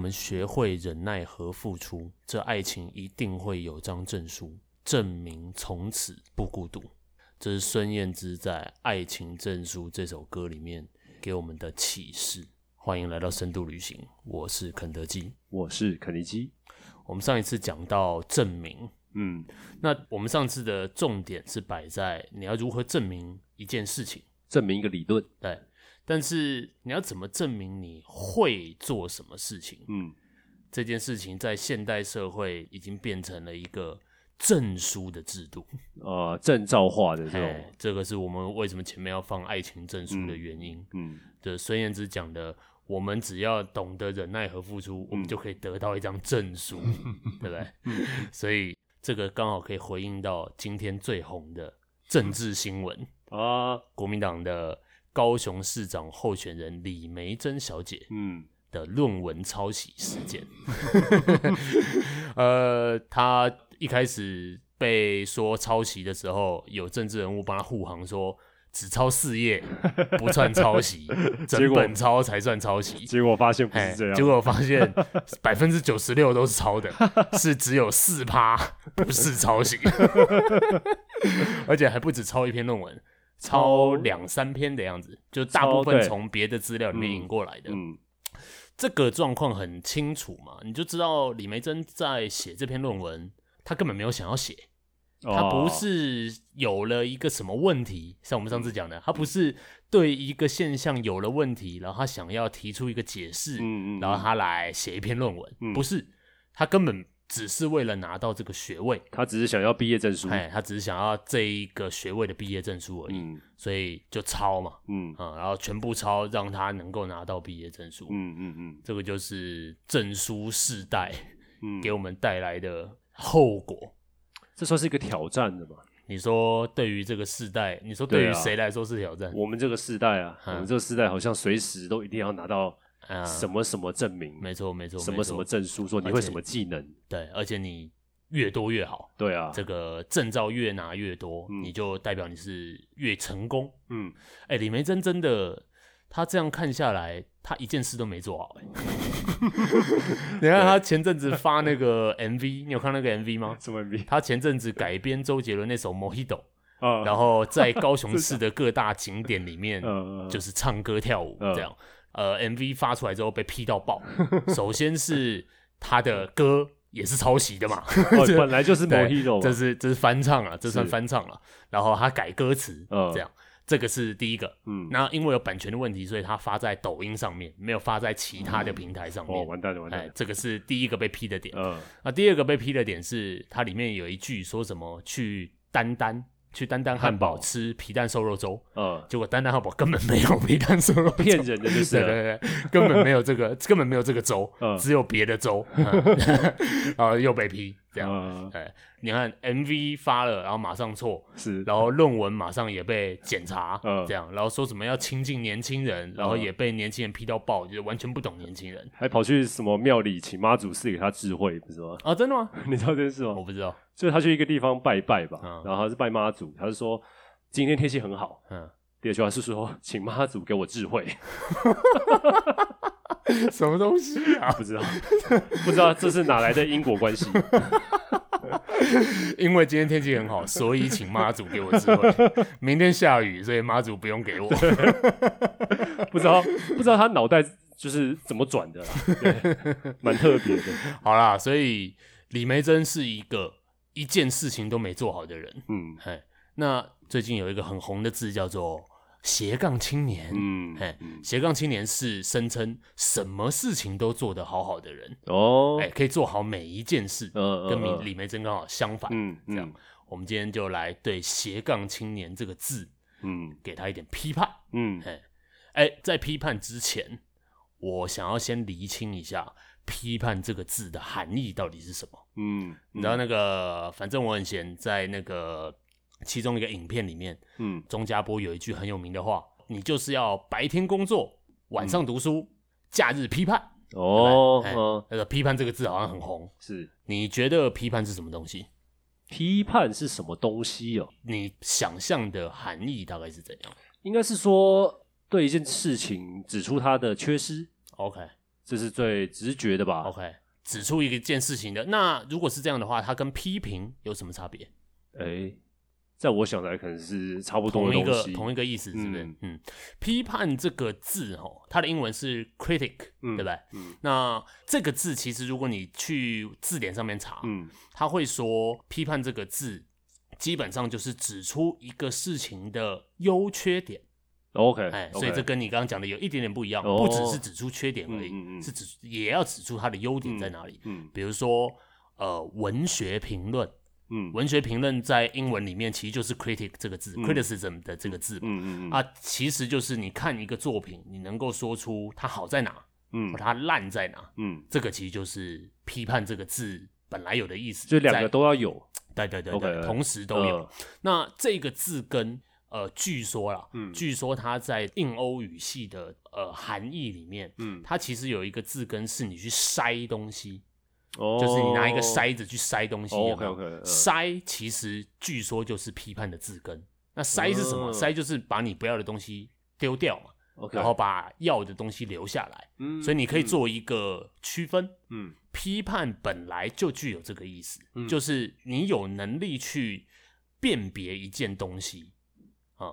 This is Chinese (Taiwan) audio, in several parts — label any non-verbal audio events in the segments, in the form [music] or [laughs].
我們學會忍耐和付出，這愛情一定會有張證書證明，從此不孤獨。這是孫燕姿在《愛情證書》這首歌裡面給我們的啟示。歡迎來到深度旅行，我是肯德基，我是肯尼基。我們上一次講到證明，嗯，那我們上次的重點是擺在你要如何證明一件事情，證明一個理論，對。但是你要怎麼證明你會做什麼事情？嗯，這件事情在現代社會已經變成了一個證書的制度，呃，證照化的這種。這個是我們為什麼前面要放愛情證書的原因。嗯，對孫燕姿講的，我們只要懂得忍耐和付出，我們就可以得到一張證書，嗯、對不對？ [laughs] 所以這個剛好可以回應到今天最紅的政治新聞啊、嗯，國民黨的。高雄市長候選人李眉蓁小姐的論文抄襲事件。 [laughs] 呃，她一開始被說抄襲的時候，有政治人物幫她護航說，說只抄四頁不算抄襲，整本抄才算抄襲。結果發現不是這樣。欸，結果我發現百分之九十六都是抄的， [laughs] 是只有四趴不是抄襲， [laughs] 而且還不止抄一篇論文。抄兩三篇的樣子，就大部分從別的資料裡面引過來的。嗯嗯、這個狀況很清楚嘛，你就知道李眉蓁在寫這篇論文，他根本沒有想要寫，他不是有了一個什麼問題，哦、像我們上次講的，他不是對一個現象有了問題，然後他想要提出一個解釋、嗯嗯，然後他來寫一篇論文、嗯，不是他根本。只是為了拿到這個學位，他只是想要畢業證書，哎，他只是想要這一個學位的畢業證書而已、嗯，所以就抄嘛，嗯啊、嗯，然後全部抄，讓他能夠拿到畢業證書，嗯嗯嗯，這個就是證書世代給我們帶來的後果、嗯，這算是一個挑戰的嘛？你說對於這個世代，你說對於誰來說是挑戰、啊？我們這個世代啊，啊，我們這個世代好像隨時都一定要拿到。Uh, 什麼什麼證明？沒錯，沒錯。什麼什麼證書？說你會什麼技能？對，而且你越多越好。對啊，這個證照越拿越多、嗯，你就代表你是越成功。嗯，哎、欸，李眉蓁真，真的，他這樣看下來，他一件事都沒做好、欸。 [laughs] [laughs] 你看他前陣子發那個 MV， [laughs] 你有看那個 MV 嗎？什麼 MV？他前陣子改編周杰倫那首《Mojito》，o 然後在高雄市的各大景點裡面，uh, 就是唱歌跳舞、uh, 歌跳舞 uh, 這樣。呃，MV 發出來之後被批到爆。 [laughs] 首先是他的歌也是抄襲的嘛、 [laughs] 哦， [laughs] 本來就是某一種，這是這是翻唱了，啊，這算翻唱了，啊。然後他改歌詞、嗯，這樣，這個是第一個。嗯，那因為有版權的問題，所以他發在抖音上面，沒有發在其他的平台上面。哦、嗯，完蛋了，完蛋了。哎，這個是第一個被批的點，嗯。那第二個被批的點是它裡面有一句說什麼去丹丹。去丹丹漢堡吃皮蛋瘦肉粥，嗯，結果丹丹漢堡根本沒有皮蛋瘦肉粥，騙人的就是、啊， [laughs] 對，對對對，根本沒有這個， [laughs] 根本沒有這個粥，嗯、只有別的粥，啊、嗯，又被批。這樣，哎、嗯，你看 MV 發了，然後馬上錯，是，然後論文馬上也被檢查，嗯，這樣，然後說什麼要親近年輕人，然後也被年輕人批到爆，嗯、就是完全不懂年輕人，還跑去什麼廟裡請媽祖賜給他智慧，不是嗎？啊，真的嗎？你知道這件事嗎？我不知道，就是他去一個地方拜拜吧，然後他是拜媽祖，他是說今天天氣很好，嗯，第二句話是說請媽祖給我智慧。 [laughs] [laughs] [laughs] 什麼東西啊？不知道，不知道這是哪來的因果關係。 [laughs] [laughs] 因為今天天氣很好，所以請媽祖給我智慧。明天下雨，所以媽祖不用給我。 [laughs] [laughs] 不知道，不知道他腦袋就是怎麼轉的啦。對，蠻 [laughs] 特別的。好啦，所以李眉蓁是一個一件事情都沒做好的人。嗯，那最近有一個很紅的字叫做。斜槓青年，嗯，哎、嗯，斜槓青年是聲稱什麼事情都做得好好的人哦，哎、欸，可以做好每一件事，嗯、呃、跟李眉蓁剛好相反，嗯這樣嗯，我們今天就來對斜槓青年這個字，嗯，給他一點批判，嗯、欸、在批判之前，我想要先釐清一下批判這個字的含義到底是什麼，嗯，然後那個、嗯，反正我很閒，在那個。其中一個影片裡面，嗯，中嘉播有一句很有名的話：“你就是要白天工作，晚上讀書，嗯，假日批判。”哦，哦，嗯，那個“批判”這個字好像很紅。嗯、是，你覺得“批判”是什麼東西？“批判”是什麼東西？哦，你想象的含義大概是怎樣？應該是說對一件事情指出它的缺失。OK，嗯，這是最直覺的吧？OK，指出一個件事情的，那如果是這樣的話，它跟批評有什麼差別？哎。在我想來，可能是差不多的同一個同一個意思，是不是嗯？嗯，批判這個字，哦，它的英文是 critic，、嗯、對不對？、嗯、那這個字其實，如果你去字典上面查，嗯、它會說，批判這個字基本上就是指出一個事情的優缺點。OK，、欸、所以這跟你剛剛講的有一點點不一樣、哦，不只是指出缺點而已，嗯、是指也要指出它的優點在哪裡、嗯嗯。比如說，呃，文學評論。文學評論在英文裡面其實就是 critic 這個字，嗯，criticism 的這個字嘛。嗯嗯，嗯。啊，其實就是你看一個作品，你能夠說出它好在哪，嗯，它爛在哪，嗯，這個其實就是批判這個字本來有的意思。就兩個都要有，對，對對對對，okay, 同時都有。Uh, 那這個字根，呃，據說啦嗯，據說它在印歐語系的呃含義裡面，嗯，它其實有一個字根是你去篩東西。就是你拿一個篩子去篩東西，篩、oh, okay, okay, uh, 其實據說就是批判的字根。那篩是什麼？篩、uh, 就是把你不要的東西丟掉嘛，okay, 然後把要的東西留下來。Okay, 所以你可以做一個區分。Um, 批判本來就具有這個意思，um, 就是你有能力去辨別一件東西。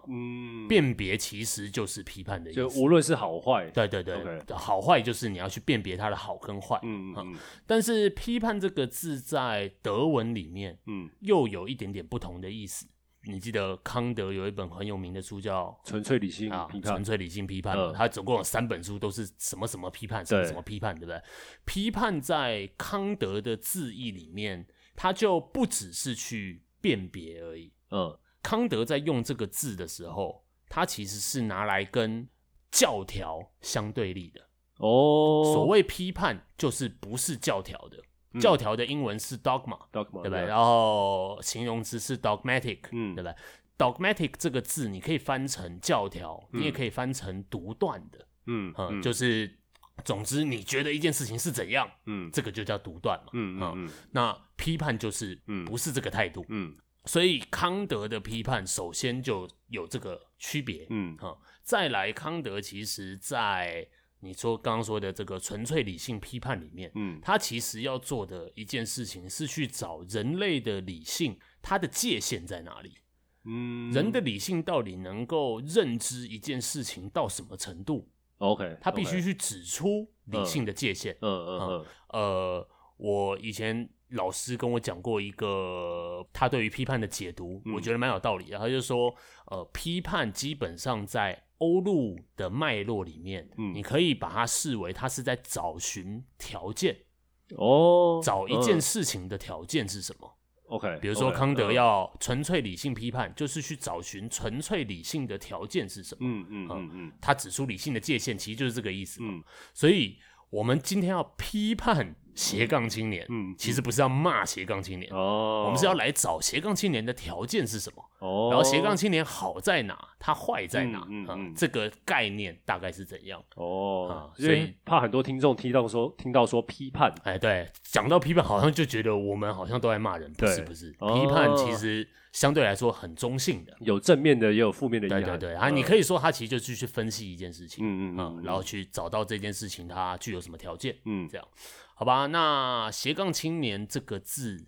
嗯，辨別其實就是批判的意思，就無論是好壞，對對對，okay. 好壞就是你要去辨別它的好跟壞，嗯嗯嗯，但是批判這個字在德文裡面，嗯，又有一點點不同的意思，嗯。你記得康德有一本很有名的書叫《純粹理性》啊，《純粹理性批判》呃，它總共有三本書，都是什麼什麼批判，什麼什麼批判，對不對？批判在康德的字義裡面，它就不只是去辨別而已，嗯，呃。康德在用這個字的時候，他其實是拿來跟教條相對立的哦、oh。所謂批判就是不是教條的，嗯、教條的英文是 dogma，dogma 對不對？然、yeah. 後、哦、形容詞是 dogmatic，、嗯、對不對？dogmatic 這個字你可以翻成教條、嗯，你也可以翻成獨斷的，嗯，嗯，嗯就是總之你覺得一件事情是怎樣，嗯，這個就叫獨斷嘛，嗯，嗯，嗯，嗯那批判就是不是這個態度，嗯。嗯所以康德的批判首先就有這個區別，嗯哈、嗯，再來康德其實在你說剛剛說的這個純粹理性批判裡面，嗯，他其實要做的一件事情是去找人類的理性他的界限在哪裡，嗯，人的理性到底能夠認知一件事情到什麼程度？Okay, OK，他必須去指出理性的界限。嗯嗯嗯，嗯，呃，我以前。老師跟我講過一個他對於批判的解讀，我覺得蠻有道理。他就是說，呃，批判基本上在歐陸的脈絡裡面，你可以把它視為它是在找尋條件，哦，找一件事情的條件是什麼？OK，比如說康德要純粹理性批判，就是去找尋純粹理性的條件是什麼？嗯嗯嗯，他指出理性的界限，其實就是這個意思嘛。所以我們今天要批判。斜槓青年，嗯，其實不是要罵斜槓青年哦、嗯，我們是要來找斜槓青年的條件是什麼、哦？然後斜槓青年好在哪？他壞在哪？嗯，嗯，嗯，這個概念大概是怎樣？哦，啊、所以怕很多聽眾聽到說聽到說批判，哎、欸，對，講到批判好像就覺得我們好像都在罵人，不是不是、哦？批判其實相對來說很中性的，有正面的也有負面的，對對對啊、嗯，你可以說他其實就去分析一件事情，嗯嗯，嗯，嗯、啊、然後去找到這件事情它具有什麼條件，嗯，這樣。好吧，那斜槓青年這個字，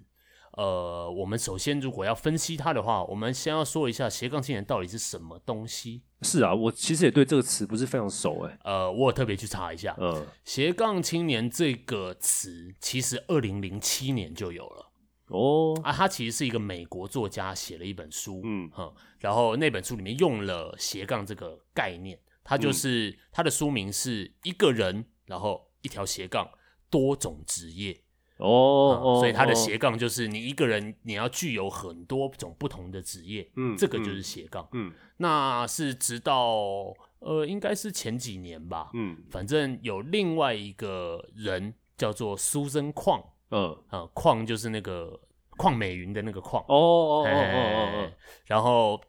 呃，我們首先如果要分析它的話，我們先要說一下斜槓青年到底是什麼東西。是啊，我其實也對這個詞不是非常熟誒，呃，我有特別去查一下，嗯，斜槓青年這個詞其實二零零七年就有了哦啊，它其實是一個美國作家寫了一本書，嗯哼、嗯，然後那本書裡面用了斜槓這個概念，它就是它、嗯、的書名是一個人，然後一條斜槓。多種職業、oh, 嗯、哦，所以他的斜槓就是你一個人，你要具有很多種不同的職業，嗯，這個就是斜槓，嗯，那是直到呃，應該是前幾年吧，嗯，反正有另外一個人叫做蘇生，礦，嗯礦、嗯、就是那個鄺美雲的那個礦、oh,，哦哦哦哦哦，然後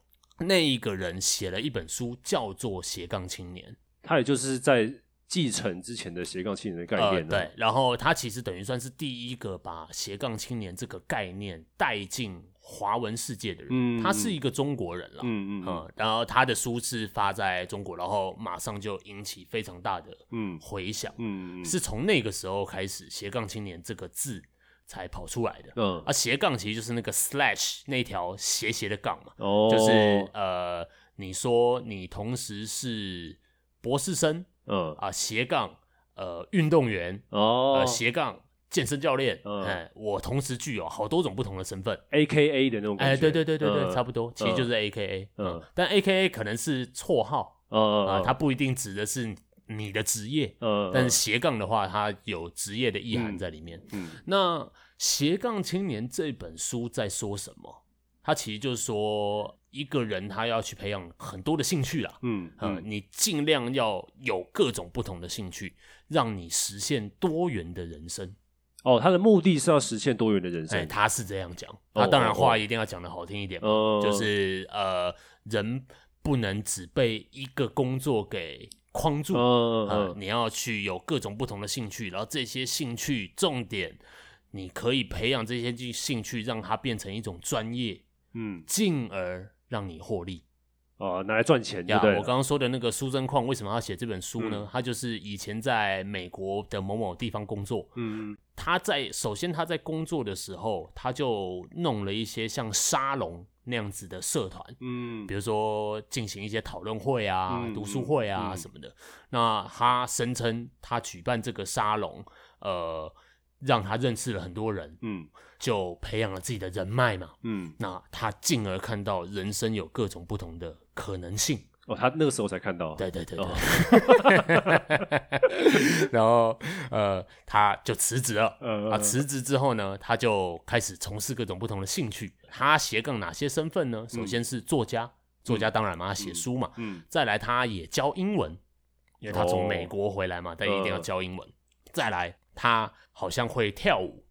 那一個人寫了一本書，叫做《斜槓青年》，他也就是在。繼承之前的斜槓青年的概念，呃、對，然後他其實等於算是第一個把斜槓青年這個概念帶進華文世界的人。嗯、他是一個中國人了。嗯嗯，嗯，嗯。然後他的書是發在中國，然後馬上就引起非常大的嗯回響。嗯嗯，是從那個時候開始，斜槓青年這個字才跑出來的。嗯，啊，斜槓其實就是那個 slash 那條斜斜的槓嘛。哦。就是呃，你說你同時是博士生。嗯、啊斜槓呃運動員哦、呃、斜槓健身教練嗯、哦欸、我同時具有好多種不同的身份 A K A 的那種哎、欸、對對對,對、嗯、差不多其實就是 A K A 嗯,嗯但 A K A 可能是綽號啊啊、哦嗯呃、它不一定指的是你的職業嗯、哦、但是斜槓的話它有職業的意涵在裡面嗯,嗯那斜槓青年這本書在說什麼？它其實就是說。一個人他要去培養很多的興趣啦嗯,嗯你盡量要有各種不同的興趣，讓你實現多元的人生。哦，他的目的是要實現多元的人生，欸、他是這樣講，哦。他當然話一定要講得好聽一點，哦哦，就是呃，人不能只被一個工作給框住，哦嗯嗯，你要去有各種不同的興趣，然後這些興趣，些興趣重點，你可以培養這些興趣，讓它變成一種專業，嗯，進而。讓你獲利，哦、呃，拿來賺錢呀！Yeah, 我剛剛說的那個蘇貞匡為什麼要寫這本書呢、嗯？他就是以前在美國的某某地方工作，嗯，他在，首先他在工作的時候，他就弄了一些像沙龍那樣子的社團，嗯，比如說，進行一些討論會啊、嗯、讀書會啊、嗯、什麼的。那他聲稱他舉辦這個沙龍，呃，讓他認識了很多人，嗯。就培養了自己的人脈嘛，嗯，那他進而看到人生有各種不同的可能性哦，他那個時候才看到，對對對對，哦、 [laughs] 然後呃，他就辭職了，啊、嗯嗯嗯，辭職之後呢，他就開始從事各種不同的興趣。他斜槓哪些身份呢？首先是作家，嗯、作家當然嘛，寫書嘛、嗯嗯，再來他也教英文，因、哦、為他從美國回來嘛，但一定要教英文。嗯、再來，他好像會跳舞。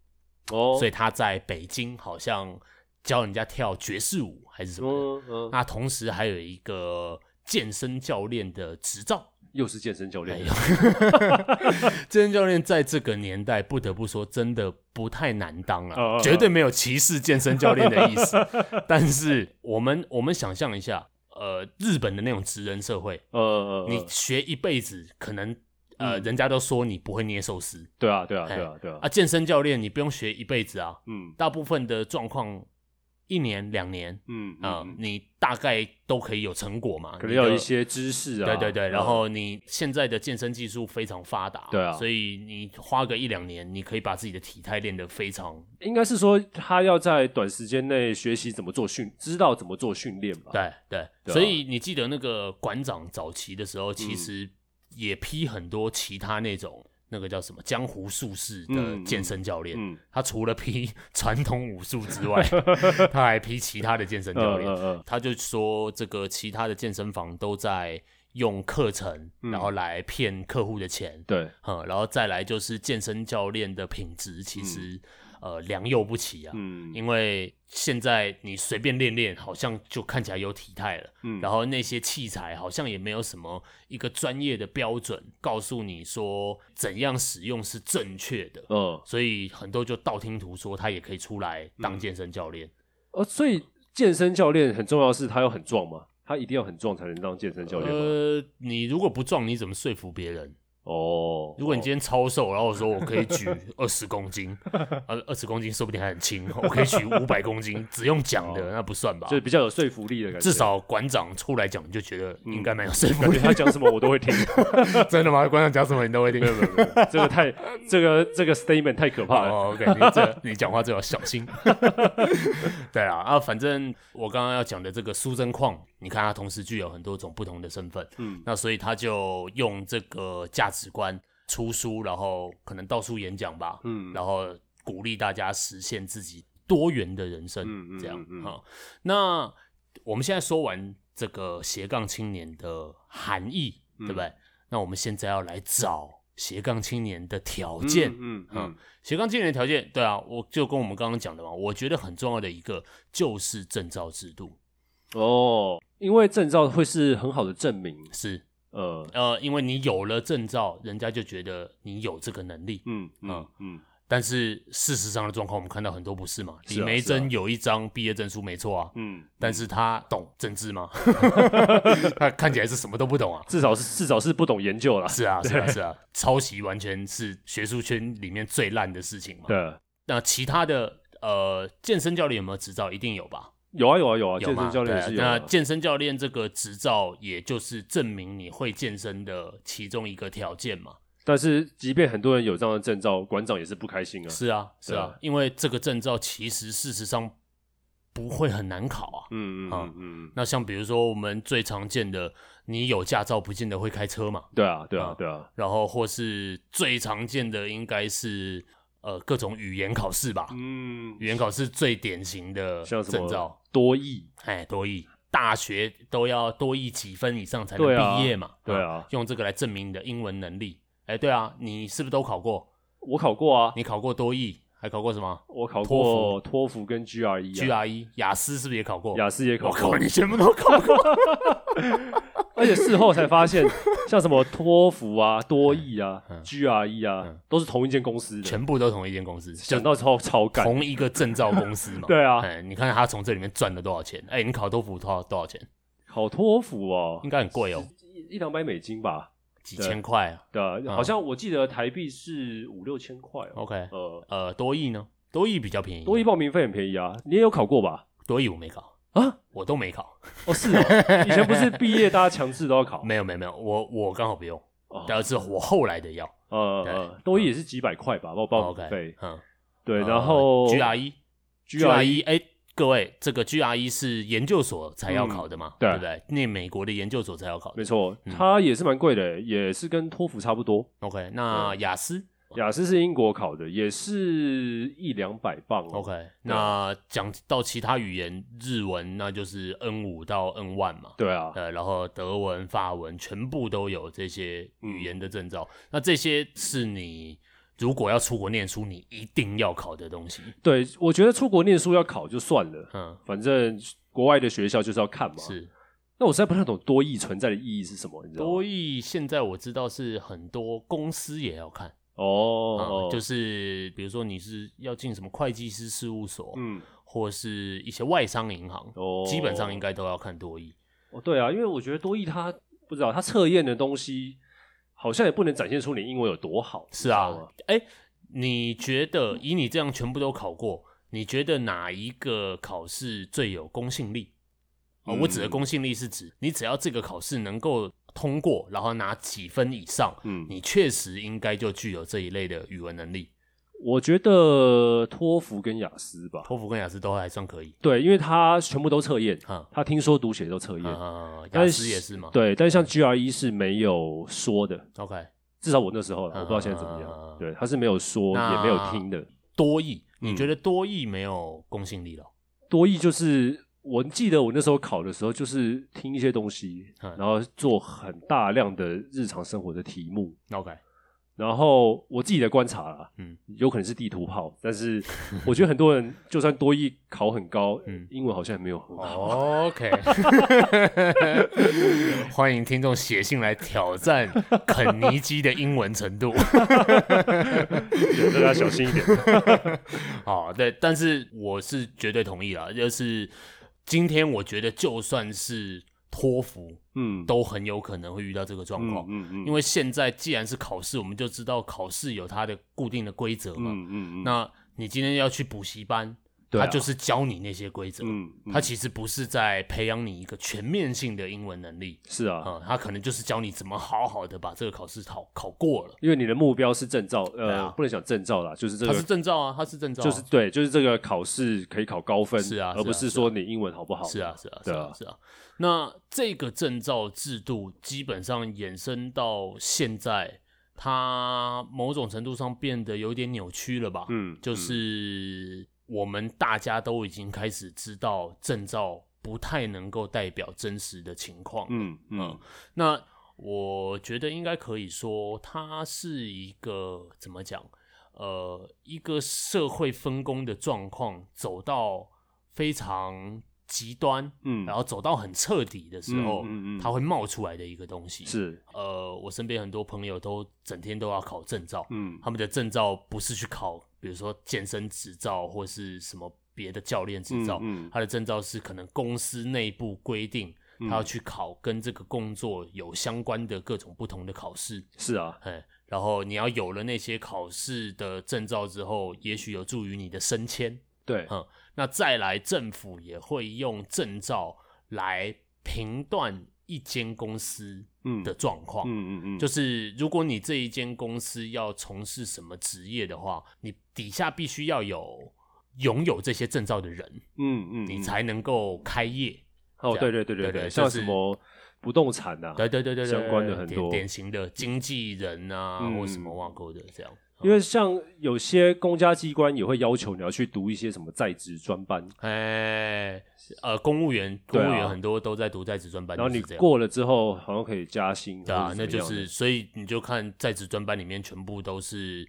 Oh, 所以他在北京好像教人家跳爵士舞還是什麼，那、oh, uh, 同時還有一個健身教練的執照，又是健身教練。哎、 [laughs] 健身教練在這個年代不得不說真的不太難當了、啊，oh, uh, uh, uh. 絕對沒有歧視健身教練的意思。 [laughs] 但是我們我們想象一下，呃，日本的那種職人社會，呃、oh, uh,，uh, uh. 你學一輩子可能。呃、嗯，人家都說你不會捏壽司。對啊，對啊，對啊，對啊，對啊！啊，健身教練你不用學一輩子啊。嗯。大部分的狀況，一年兩年，嗯啊、呃嗯，你大概都可以有成果嘛。可能要有一些知識啊。對對對、嗯，然後你現在的健身技術非常發達。對啊。所以你花個一兩年，你可以把自己的體態練得非常。應該是說，他要在短時間內學習怎麼做訓，知道怎麼做訓練吧。對對，對、啊。所以你記得那個館長早期的時候，其實、嗯。也批很多其他那種那個叫什麼江湖術士的健身教練，嗯嗯嗯，他除了批傳統武術之外， [laughs] 他還批其他的健身教練，嗯嗯。他就說這個其他的健身房都在用課程，嗯，然後來騙客戶的錢。對，嗯，然後再來就是健身教練的品質，其實、嗯。呃，良莠不齊啊，嗯，因為現在你隨便練練，好像就看起來有體態了，嗯，然後那些器材好像也沒有什麼一個專業的標準，告訴你說怎樣使用是正確的，嗯，所以很多就道聽途說，他也可以出來當健身教練，呃、嗯哦，所以健身教練很重要的是，他要很壯嗎？他一定要很壯才能當健身教練嗎？呃，你如果不壯，你怎麼說服別人？哦、oh，如果你今天超瘦，oh. 然後我說我可以舉二十公斤，2二十公斤說不定還很輕，我可以舉五百公斤， [laughs] 只用講的、oh. 那不算吧？就是比較有說服力的感覺。至少館長出來講，就覺得應該蠻有說服力的。嗯、感覺他講什麼我都會聽。 [laughs] [laughs] 真的嗎？館長講什麼你都會聽？ [laughs] 對對對對 [laughs] 這個太 [laughs] 這個、這個、這個 statement 太可怕了。我、oh, 感、okay. 你這 [laughs] 你講話最好小心。 [laughs] 對啦啊啊，反正我剛剛要講的這個蘇貞礦，你看他同時具有很多種不同的身份。嗯，那所以他就用這個價。價值觀出書，然後可能到處演講吧，嗯，然後鼓勵大家實現自己多元的人生，嗯嗯嗯，這樣，嗯，那我們現在說完這個斜槓青年的含義、嗯，對不對？那我們現在要來找斜槓青年的條件，嗯嗯，嗯，嗯，斜槓青年的條件，對啊，我就跟我們剛剛講的嘛，我覺得很重要的一個就是證照制度，哦，因為證照會是很好的證明，是。呃呃，因為你有了證照，人家就覺得你有這個能力。嗯嗯嗯，嗯。但是事實上的狀況，我們看到很多不是嘛？是啊，李眉蓁有一張畢業證書沒錯啊。嗯，啊啊。但是他懂政治嗎？嗯， [laughs] [laughs] 他看起來是什麼都不懂啊。 [laughs] 至少是至少是不懂研究了， [laughs] 啊。是啊是啊是啊，是啊 [laughs] 抄襲完全是學術圈裡面最爛的事情嘛。對。那其他的呃，健身教練有沒有執照？一定有吧。有啊有啊有啊，有健身教練也是有，啊啊、那健身教練這個執照，也就是證明你會健身的其中一個條件嘛。但是，即便很多人有這樣的證照，館長也是不開心啊。是啊是啊，因為這個證照其實事實上不會很難考啊。嗯嗯嗯嗯，那像比如說我們最常見的，你有駕照不見得會開車嘛。對啊對啊、嗯、對，啊對啊。然後或是最常見的應該是。呃，各種語言考試吧，嗯，語言考試最典型的證照，像什麼，多益，哎，多益，大學都要多益幾分以上才能畢業嘛對、啊對，對啊，用這個來證明你的英文能力，哎，對啊，你是不是都考過？我考過啊，你考過多益，還考過什麼？我考過托福跟 GRE，GRE、啊、GRE 雅思是不是也考過？雅思也考過，我你全部都考過。 [laughs] [laughs] [laughs] 而且事後才發現，像什麼托福啊、多益啊、嗯嗯、GRE 啊，都是同一間公司的，全部都同一間公司，講到超、超幹同一個證照公司嘛。 [laughs] 對啊、嗯，你看他從這裡面賺了多少錢？哎、欸，你考托福多少多少錢？考托福哦，應該很貴哦，一兩百美金吧，幾千塊啊，對啊、嗯，好像我記得台幣是五六千塊、哦。OK，呃呃，多益呢？多益比較便宜、哦，多益報名費很便宜啊。你也有考過吧？多益我沒考。啊，我都沒考。哦，是哦， [laughs] 以前不是畢業 [laughs] 大家強制都要考？沒有沒有沒有，我我剛好不用。哦、嗯。但是，我後來的要，呃、嗯，對嗯、多一也是幾百塊吧，包、嗯、括、哦、OK、嗯。報名費。對，然後 GRE，GRE，、okay, 哎 GRE, GRE, GRE,、欸，各位，這個 GRE 是研究所才要考的嘛、嗯啊？對不對？那美國的研究所才要考的。沒錯、嗯，它也是蠻貴的，也是跟托福差不多。OK，那雅思。嗯雅、啊、思是,是英國考的，也是一兩百磅 OK，那講到其他語言，日文那就是 N5 到 N1 嘛。對啊，呃，然後德文、法文全部都有這些語言的證照、嗯。那這些是你如果要出國念書，你一定要考的東西。對，我覺得出國念書要考就算了，嗯，反正國外的學校就是要看嘛。是，那我實在不太懂多益存在的意義是什麼，你知道多益現在我知道是很多公司也要看。哦、oh, 嗯，就是比如說你是要進什麼會計師事務所，嗯，或是一些外商銀行，哦、oh.，基本上應該都要看多益。哦、oh,，對啊，因為我覺得多益它不知道它測驗的東西，好像也不能展現出你英文有多好。是啊，哎，你覺得以你這樣全部都考過，你覺得哪一個考試最有公信力？哦，我指的公信力是指、嗯、你只要這個考試能夠通過，然後拿幾分以上，嗯，你確實應該就具有這一類的語文能力。我覺得托福跟雅思吧，托福跟雅思都還算可以。對，因為他全部都測驗、嗯，他聽說讀寫都測驗。啊、嗯嗯，雅思也是嘛。對，但是像 GRE 是沒有說的。OK，至少我那時候、嗯、我不知道現在怎麼樣。嗯嗯、對，他是沒有說也沒有聽的。多益，你覺得多益沒有公信力了、哦？多益就是。我記得我那時候考的時候，就是聽一些東西，然後做很大量的日常生活的題目。OK，、嗯、然後我自己的觀察啦，嗯，有可能是地圖炮，但是我覺得很多人就算多益考很高、嗯，英文好像也沒有很好。哦、 [laughs] OK， [laughs] 歡迎聽眾寫信來挑戰肯尼基的英文程度， [laughs] yeah, 大家小心一點。 [laughs] 好，對，但是我是絕對同意啦，就是。今天我覺得就算是托福，嗯，都很有可能會遇到這個狀況，嗯，嗯，嗯。因為現在既然是考試，我們就知道考試有它的固定的規則嘛，嗯，嗯，嗯。那你今天要去補習班。他就是教你那些規則，啊嗯，嗯，他其實不是在培養你一個全面性的英文能力，是啊，嗯，他可能就是教你怎麼好好的把這個考試考考過了，因為你的目標是證照，呃，啊，不能想證照了，就是這個，它是證照啊，它是證照，啊，就是對，就是這個考試可以考高分是，啊，是啊，而不是說你英文好不好是，啊是啊是啊啊，是啊，是啊，是啊，是啊，那這個證照制度基本上衍生到現在，它某種程度上變得有點扭曲了吧，嗯，就是。嗯我們大家都已經開始知道，證照不太能夠代表真實的情況。嗯嗯、呃，那我覺得應該可以說，它是一個怎麼講？呃，一個社會分工的狀況走到非常極端，嗯，然後走到很徹底的時候，嗯嗯，嗯，它會冒出來的一個東西。是，呃，我身邊很多朋友都整天都要考證照，嗯，他們的證照不是去考。比如說，健身執照或是什麼別的教練執照，嗯嗯，它的證照是可能公司內部規定，他要去考跟這個工作有相關的各種不同的考試。是啊，然後你要有了那些考試的證照之後，也許有助於你的升遷。對，嗯，那再來政府也會用證照來評斷一間公司的狀況嗯。嗯嗯嗯，就是如果你這一間公司要從事什麼職業的話，你。底下必須要有擁有這些證照的人，嗯嗯，你才能夠開業。嗯、哦對對對對，對對對對對，像什麼不動產啊，對，對對對對，相關的很多典，典型的經紀人啊，嗯、或什麼掛鈎的這樣。因為像有些公家機關也會要求你要去讀一些什麼在職專班，哎、嗯，呃，公務員、啊、公務員很多都在讀在職專班。然後你過了之後，好像可以加薪，對啊，那就是所以你就看在職專班裡面全部都是，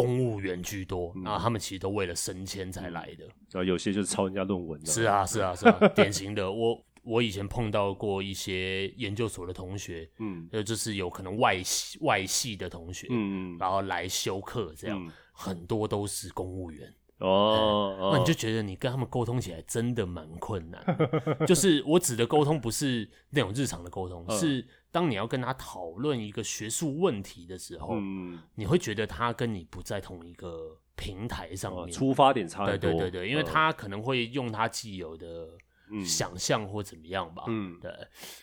公務員居多，那他們其實都為了升遷才來的，然、嗯、後、嗯啊、有些就是抄人家論文的，是啊是啊是啊，是啊 [laughs] 典型的。我我以前碰到過一些研究所的同學，嗯，就，就是有可能外系外系的同學，嗯嗯，然後來修課這樣，嗯，很多都是公務員哦， [laughs] 哦 [laughs] 那你就覺得你跟他們溝通起來真的蠻困難， [laughs] 就是我指的溝通不是那種日常的溝通，嗯、是。當你要跟他討論一個學術問題的時候，嗯，你會覺得他跟你不在同一個平台上面，呃、出發點差很多，對對對、呃、因為他可能會用他既有的想象或怎麼樣吧，嗯，對。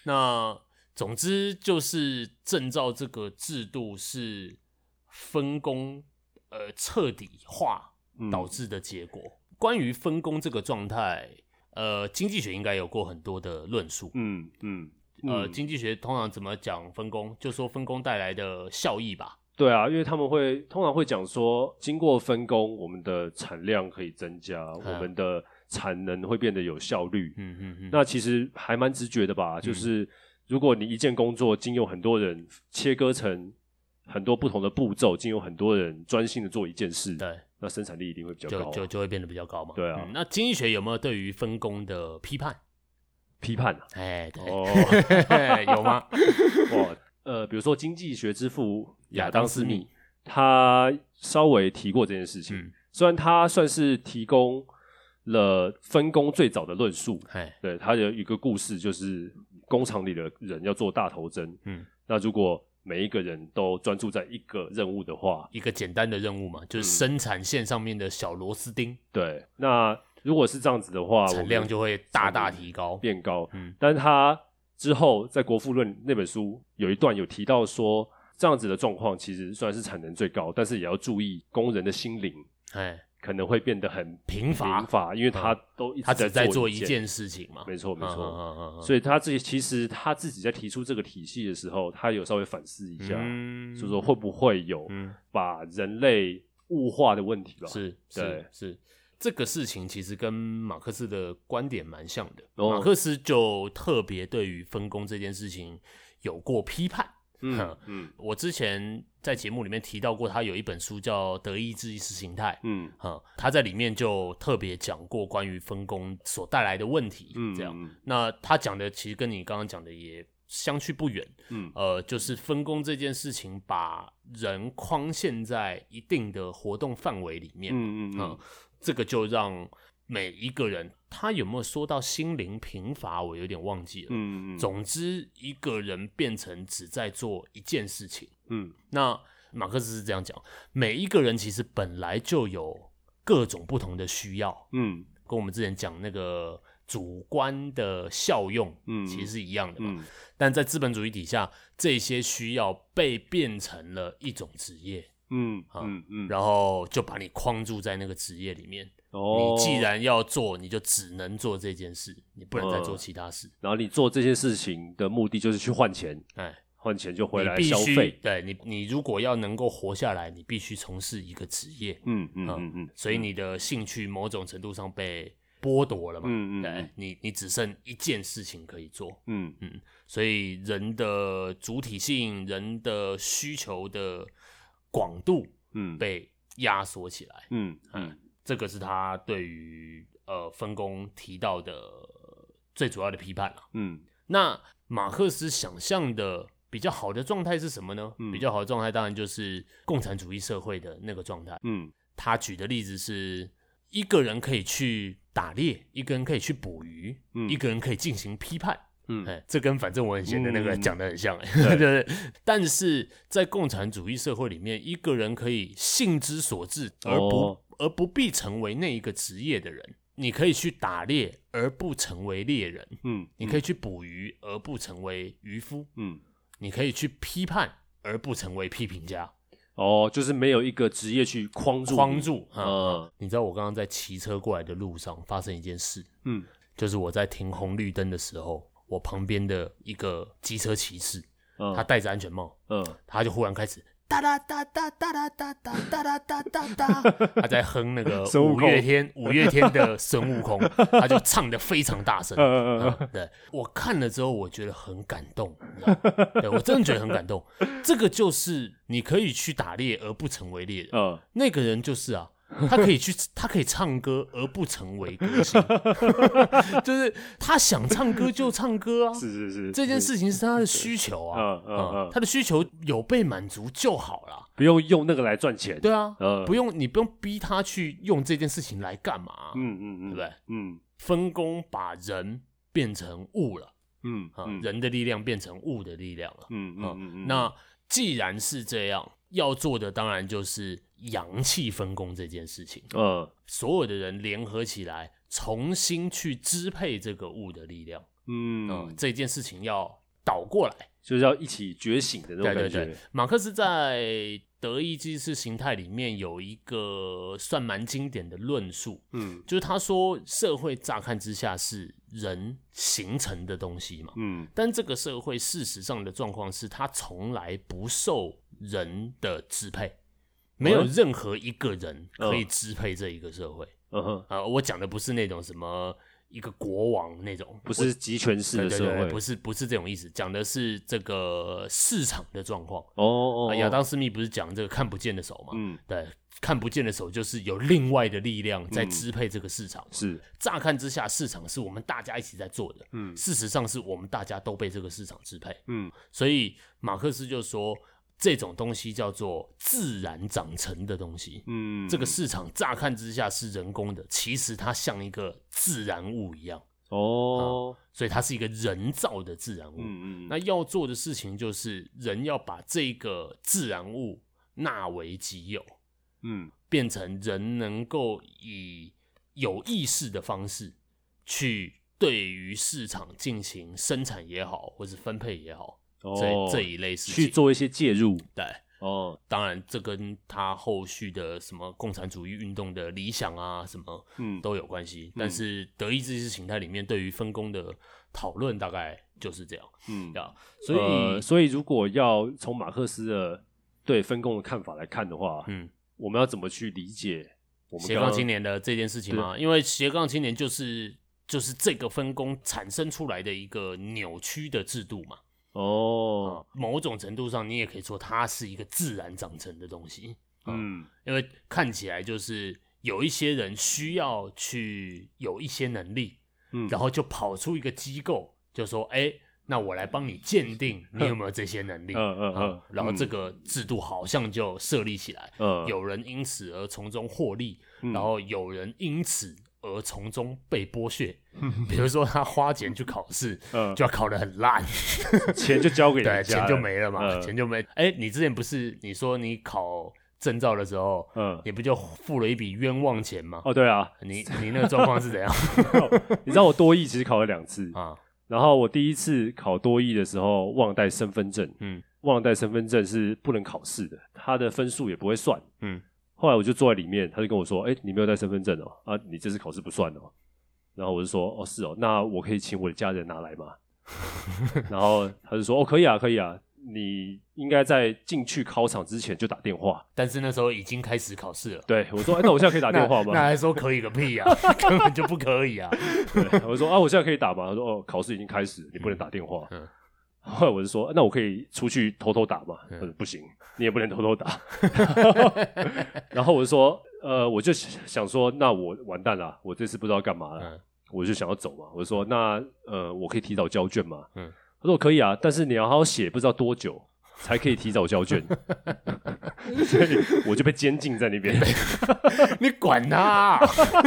那總之就是證照這個制度是分工、呃、徹底化導致的結果。嗯、關於分工這個狀態，呃，經濟學應該有過很多的論述，嗯嗯。呃，經濟學通常怎麼講分工？嗯。就說分工帶來的效益吧？對啊，因為他們會通常會講說，經過分工，我們的產量可以增加，啊，我們的產能會變得有效率。嗯嗯嗯。那其實還蠻直覺的吧，嗯？就是如果你一件工作經由很多人切割成很多不同的步驟，經由很多人專心的做一件事，對，那生產力一定會比較高，就就，就會變得比較高嘛。對啊。嗯，那經濟學有沒有對於分工的批判？批判呢、啊？哎，哦、 [laughs] 有嗎？呃，比如說經濟學之父亞當斯密，斯密他稍微提過這件事情、嗯。雖然他算是提供了分工最早的論述，對，他有一個故事，就是工廠裡的人要做大頭針，嗯，那如果每一個人都專注在一個任務的話，一個簡單的任務嘛，就是生產線上面的小螺絲釘，嗯、對，那。如果是這樣子的話，產量就會大大提高，變高。嗯，但是他之後在《國富論》那本書有一段有提到說，這樣子的狀況其實算是產能最高，但是也要注意工人的心靈，可能會變得很貧乏，貧乏，因為他都一直在做一件事情嘛。沒錯、嗯嗯，沒錯、嗯嗯。所以他自己其實他自己在提出這個體系的時候，他有稍微反思一下，就、嗯、說，說會不會有把人類物化的問題吧？嗯、是對，是，是。這個事情其實跟馬克思的觀點蠻像的。Oh. 馬克思就特別對於分工這件事情有過批判。嗯嗯，我之前在節目裡面提到過，他有一本書叫《德意志意識形態》。嗯，他在裡面就特別講過關於分工所帶來的問題。嗯嗯，這樣。那他講的其實跟你剛剛講的也相去不遠。嗯、呃，就是分工這件事情把人框限在一定的活動範圍裡面。嗯嗯嗯。這個就讓每一個人，他有沒有說到心靈貧乏，我有點忘記了。嗯，嗯，總之一個人變成只在做一件事情。嗯，那馬克思是這樣講：每一個人其實本來就有各種不同的需要。嗯，跟我們之前講那個主觀的效用，其實是一樣的嘛。嗯，嗯。但在資本主義底下，這些需要被變成了一種職業。嗯嗯嗯，然後就把你框住在那個職業裡面。哦，你既然要做，你就只能做這件事，你不能再做其他事。嗯、然後你做這些事情的目的就是去換錢，哎，換錢就回來消費。你對你，你如果要能夠活下來，你必須從事一個職業。嗯嗯嗯嗯，所以你的興趣某種程度上被剝奪了嘛？嗯嗯，對，嗯、你你只剩一件事情可以做。嗯嗯，所以人的主體性，人的需求的廣度嗯，嗯，被壓縮起來，嗯嗯，這個是他對於呃分工提到的最主要的批判嗯，那馬克思想象的比較好的狀態是什麼呢？嗯，比較好的狀態當然就是共產主義社會的那個狀態，嗯，他舉的例子是一個人可以去打獵，一個人可以去捕魚，嗯，一個人可以進行批判。嗯，哎，這跟反正我很閒的那個講的很像哎，欸，嗯嗯， [laughs] 對，對對，但是在共產主義社會裡面，一個人可以興之所至，哦，而不而不必成為那一個職業的人，你可以去打獵而不成為獵人，嗯，嗯，你可以去捕魚而不成為漁夫，嗯，你可以去批判而不成為批評家，哦，就是沒有一個職業去框住框住啊，嗯嗯嗯。你知道我剛剛在騎車過來的路上發生一件事，嗯，就是我在停紅綠燈的時候。我旁邊的一個機車騎士、嗯，他戴着安全帽、嗯，他就忽然開始噠噠噠噠噠噠噠噠噠噠噠噠，他在哼那個五月天，五月天的孫悟空，他就唱得非常大聲、 [laughs] 嗯，對我看了之後，我覺得很感動， [laughs] 對我真的覺得很感動，這個就是你可以去打獵而不成為獵人、嗯，那個人就是啊。 [laughs] 他可以去，他可以唱歌而不成為歌手。 [laughs] 就是他想唱歌就唱歌啊。 [laughs] 是是是，這件事情是他的需求啊，是是是是嗯嗯嗯、他的需求有被滿足就好了，不用用那個來賺錢。對啊，嗯、不用你不用逼他去用這件事情來幹嘛，嗯，嗯嗯對不對？嗯，分工把人變成物了嗯嗯嗯，嗯人的力量變成物的力量了，嗯嗯，嗯，嗯，嗯，那既然是這樣。要做的當然就是揚棄分工這件事情，嗯，所有的人聯合起來，重新去支配這個物的力量，嗯，嗯這件事情要倒過來，就是要一起覺醒的那種感覺。對對對，馬克思在。德意志意識形態裡面有一個算蠻經典的論述，嗯，就是他說，社會乍看之下是人形成的東西嘛，嗯，但這個社會事實上的狀況是他從來不受人的支配，沒有任何一個人可以支配這一個社會，嗯、呃、我講的不是那種什麼。一個國王那種不是集權式的社會，不是不是這種意思，講的是這個市場的狀況。哦哦，亞當斯密不是講這個看不見的手嘛？嗯，對，看不見的手就是有另外的力量在支配這個市場。嗯，是，乍看之下，市場是我們大家一起在做的。嗯，事實上是我們大家都被這個市場支配。嗯，所以馬克思就說。這種東西叫做自然長成的東西，嗯，這個市場乍看之下是人工的，其實它像一個自然物一樣哦，嗯，所以它是一個人造的自然物，嗯嗯，那要做的事情就是人要把這個自然物納為己有，嗯，變成人能夠以有意識的方式去對於市場進行生產也好，或是分配也好。這、喔、這一類是去做一些介入，對，哦、嗯，當然這跟他後續的什麼共產主義運動的理想啊，什麼嗯都有關係、嗯嗯。但是德意志意識形態裡面對於分工的討論大概就是這樣，嗯啊、嗯，所以、呃、所以如果要從馬克思的對分工的看法來看的話，嗯，我們要怎麼去理解我們剛剛，斜槓青年的這件事情嗎？因為斜槓青年就是就是這個分工產生出來的一個扭曲的制度嘛。哦、oh，嗯，某種程度上，你也可以說它是一個自然長成的東西，嗯，嗯，因為看起來就是有一些人需要去有一些能力，嗯，然後就跑出一個機構，就說，哎、欸，那我來幫你鑑定你有沒有這些能力，嗯嗯，然後這個制度好像就設立起來，嗯，有人因此而從中獲利，嗯，然後有人因此。而從中被剝削，比如說他花錢去考試，嗯，就要考得很爛，錢就交給人家對，錢就沒了嘛，嗯、錢就沒。哎、欸，你之前不是你說你考證照的時候，嗯、你不就付了一筆冤枉錢嗎？哦，對啊，你你那個狀況是怎樣？ [laughs] 你知道我多益其實考了兩次，啊，然後我第一次考多益的時候忘帶身份證，嗯，忘帶身份證是不能考試的，他的分數也不會算，嗯。後來我就坐在裡面，他就跟我說：“哎、欸，你沒有帶身份證哦、喔，啊，你這次考試不算哦、喔。”然後我就說：“哦、喔，是哦、喔，那我可以請我的家人拿來嗎？” [laughs] 然後他就說：“哦、喔，可以啊，可以啊，你應該在進去考場之前就打電話。”但是那時候已經開始考試了。對，我說，欸：“那我現在可以打電話嗎？” [laughs] 那，那還說可以個屁啊， [laughs] 根本就不可以啊！我 [laughs] 說：“啊，我現在可以打嗎？”他說：“哦、喔，考試已經開始，你不能打電話。嗯”嗯後來我就說，那我可以出去偷偷打嘛、嗯？他說不行，你也不能偷偷打。 [laughs] [laughs] 然後我就說，呃，我就想說，那我完蛋了，我這次不知道幹嘛、嗯，我就想要走嘛。我就說，那呃，我可以提早交卷嘛？嗯，他說可以啊，但是你要好好寫，不知道多久。才可以提早交卷， [laughs] 所以我就被監禁在那邊。 [laughs] [laughs] 你管他，啊 [laughs] [laughs]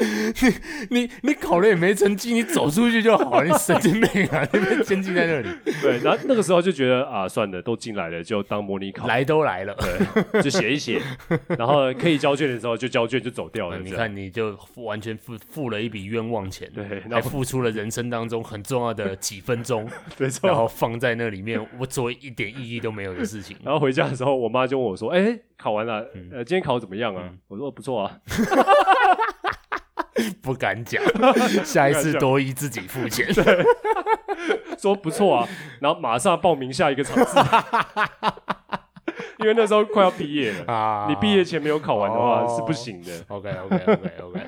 你、你你你考了也沒成績，你走出去就好，啊，你神經病啊！你被監禁在那裡。對，然後那個時候就覺得啊，算了，都進來了就當模擬考，來都來了，對，就寫一寫， [laughs] 然後可以交卷的時候就交卷就走掉了。你看，你就完全付付了一筆冤枉錢，對，然後付出了人生當中很重要的幾分鐘， [laughs] 沒錯，然後放在那裡面，我作為一點意。一都沒有的事情，然後回家的時候，我媽就問我說：“哎，考完了，呃，今天考怎麼樣啊？”嗯、我說：“不錯啊。 [laughs] ” [laughs] 不敢講，下一次多一自己付錢。說不錯啊， [laughs] 然後馬上報名下一個場次， [laughs] 因為那時候快要畢業了，啊、你畢業前沒有考完的話是不行的。哦，OK OK OK OK，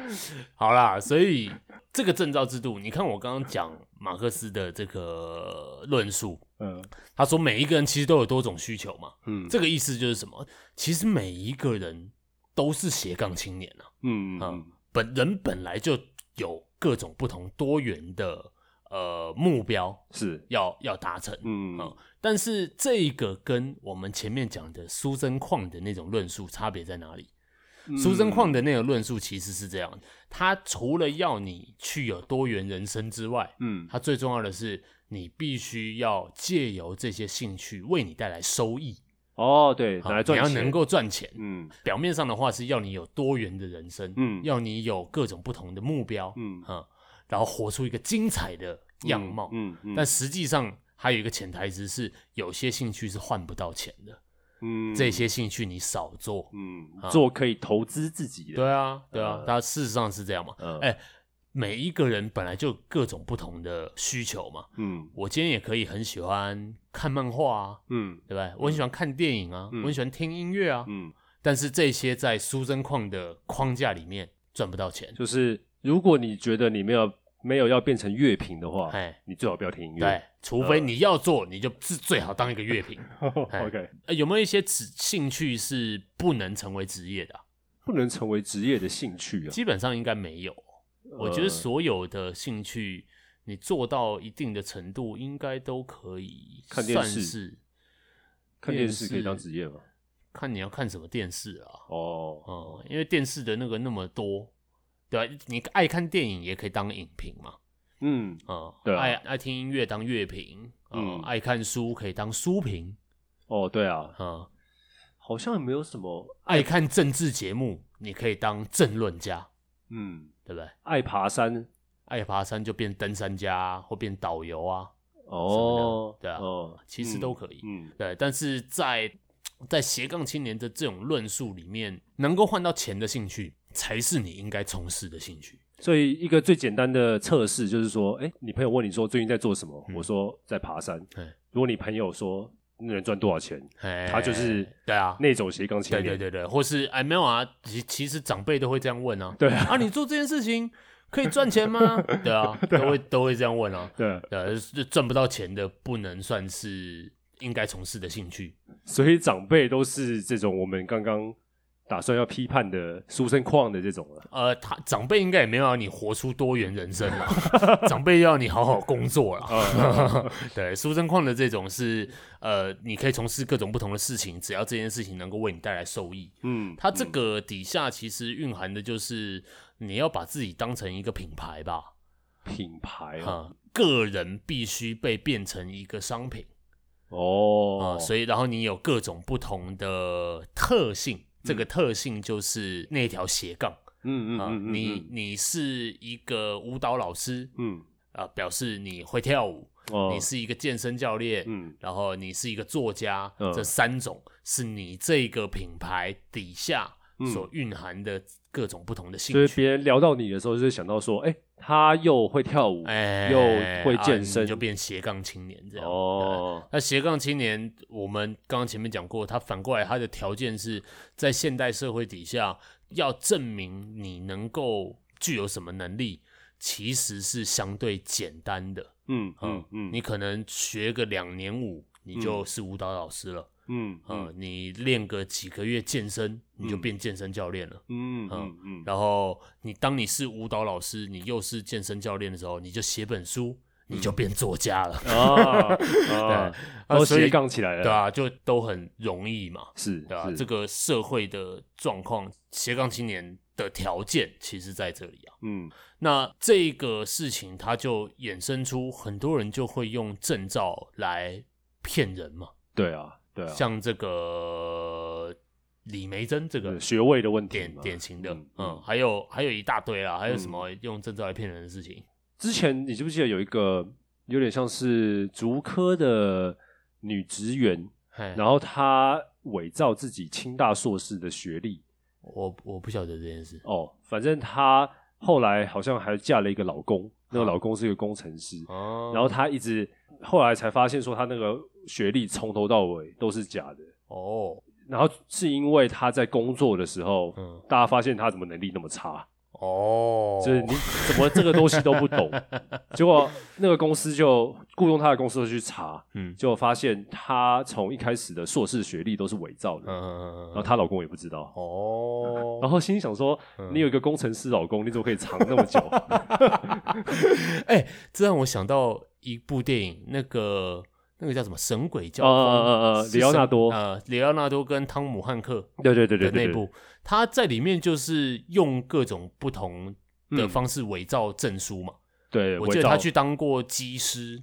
好啦，所以。這個證照制度，你看我剛剛講馬克思的這個論述，嗯，他說每一個人其實都有多種需求嘛，嗯，這個意思就是什麼？其實每一個人都是斜槓青年、啊、嗯嗯、啊，本人本來就有各種不同多元的呃目標，是要要達成，嗯嗯、啊，但是這個跟我們前面講的蘇貞曠的那種論述差別在哪裡？蘇貞曠的那個論述其實是這樣：他除了要你去有多元人生之外，嗯，他最重要的是你必須要借由這些興趣為你帶來收益。哦，對，賺你要能夠賺錢。嗯，表面上的話是要你有多元的人生，嗯，要你有各種不同的目標，嗯，嗯，然後活出一個精彩的樣貌，嗯，嗯，嗯，但實際上還有一個潛台詞是，有些興趣是換不到錢的。嗯，這些興趣你少做，嗯，嗯，做可以投資自己的。對啊，對啊，但、嗯、事實上是這樣嘛？哎、嗯，欸，每一個人本來就各種不同的需求嘛。嗯，我今天也可以很喜歡看漫畫啊，嗯，對不對、嗯？我很喜歡看電影啊，嗯、我很喜歡聽音樂啊，嗯，但是這些在書幀框的框架裡面賺不到錢。就是如果你覺得你沒有沒有要變成樂評的話，哎、嗯，你最好不要聽音樂。對。除非你要做，呃，你就是最好當一個樂評。OK，、欸、有沒有一些職興趣是不能成為職業的，啊？不能成為職業的興趣啊？基本上應該沒有、呃。我覺得所有的興趣，你做到一定的程度，應該都可以算是。看電視，電視？看電視可以當職業嗎？看你要看什麼電視啊？哦，哦，因為電視的那個那麼多，對吧，啊？你愛看電影也可以當影評嘛。嗯，嗯對啊，對，愛愛聽音樂當樂評，嗯，嗯，愛看書可以當書評，哦，對啊，啊、嗯，好像也沒有什麼愛，愛看政治節目，你可以當政論家，嗯，對不對？愛爬山，愛爬山就變登山家，啊、或變導遊啊，哦，對啊，哦、嗯，其實都可以，嗯，對，但是在在斜槓青年的這種論述裡面，能夠換到錢的興趣才是你應該從事的興趣。所以，一個最簡單的測試就是說，哎，你朋友問你說最近在做什麼？嗯、我說在爬山。如果你朋友說那能賺多少錢，他就是對啊那種斜槓青年。對對對，對或是哎沒有啊，其其實長輩都會這樣問啊。對啊，啊你做這件事情可以賺錢嗎？ [laughs] 對啊，都會 [laughs] 啊、都會這樣問啊。對啊，呃、啊，賺不到錢的不能算是應該從事的興趣，所以長輩都是這種我們剛剛。打算要批判的書生礦的這種了，呃，他長輩應該也沒有讓你活出多元人生嘛， [laughs] 長輩要你好好工作了。 [laughs] [laughs] 對，書生礦的這種是，呃，你可以從事各種不同的事情，只要這件事情能夠為你帶來收益。嗯，它、嗯、這個底下其實蘊含的就是你要把自己當成一個品牌吧，品牌啊、哦嗯，個人必須被變成一個商品哦、嗯，所以然後你有各種不同的特性。這個特性就是那條斜槓，嗯、呃、嗯，你你是一個舞蹈老師，嗯啊、呃，表示你會跳舞、嗯；你是一個健身教練，嗯，然後你是一個作家，嗯，這三種是你這個品牌底下所蘊含的、嗯。嗯各種不同的興趣，所以別人聊到你的時候，就想到說：“哎、欸，他又會跳舞，欸欸欸欸又會健身，啊、你就變斜槓青年這樣。哦”哦，那斜槓青年，我們剛剛前面講過，他反過來他的條件是在現代社會底下，要證明你能夠具有什麼能力，其實是相對簡單的。嗯嗯嗯，你可能學個兩年舞，你就是舞蹈老師了。嗯嗯嗯，你練個幾個月健身，你就變健身教練了。嗯嗯嗯,嗯，然後你當你是舞蹈老師，你又是健身教練的時候，你就寫本書，嗯、你就變作家了。哦 [laughs] 哦、啊，對，然後斜槓起來了，對啊，就都很容易嘛。是，對啊，這個社會的狀況，斜槓青年的條件其實在這裡啊。嗯，那這個事情，它就衍生出很多人就會用證照來騙人嘛。對啊。對、啊，像這個李眉蓁這個、嗯、學位的問題，典型的，嗯，嗯嗯，還有還有一大堆啦，還有什麼用證照來騙人的事情。嗯、之前你記不記得有一個有點像是竹科的女職員嘿，然後她偽造自己清大碩士的學歷？我我不曉得這件事。哦，反正她後來好像還嫁了一個老公。那個老公是一個工程師，嗯、然後他一直後來才發現說他那個學歷從頭到尾都是假的哦，然後是因為他在工作的時候，嗯、大家發現他怎麼能力那麼差。哦、oh，就是你怎麼這個東西都不懂， [laughs] 結果那個公司就雇傭他的公司去查，嗯，就發現他從一開始的碩士學歷都是偽造的，嗯嗯嗯嗯、然後她老公也不知道，哦、oh, 嗯，然後心想說、嗯、你有一個工程師老公，你怎麼可以藏那麼久？哎、 [laughs] [laughs] 欸，這讓我想到一部電影，那個那個叫什麼《神鬼教》uh,？呃呃呃，李奧納多，呃，李奧納多跟湯姆漢克，對對對對、對、對、對，的那部。他在裡面就是用各種不同的方式偽造證書嘛、嗯？對，我記得他去當過機師、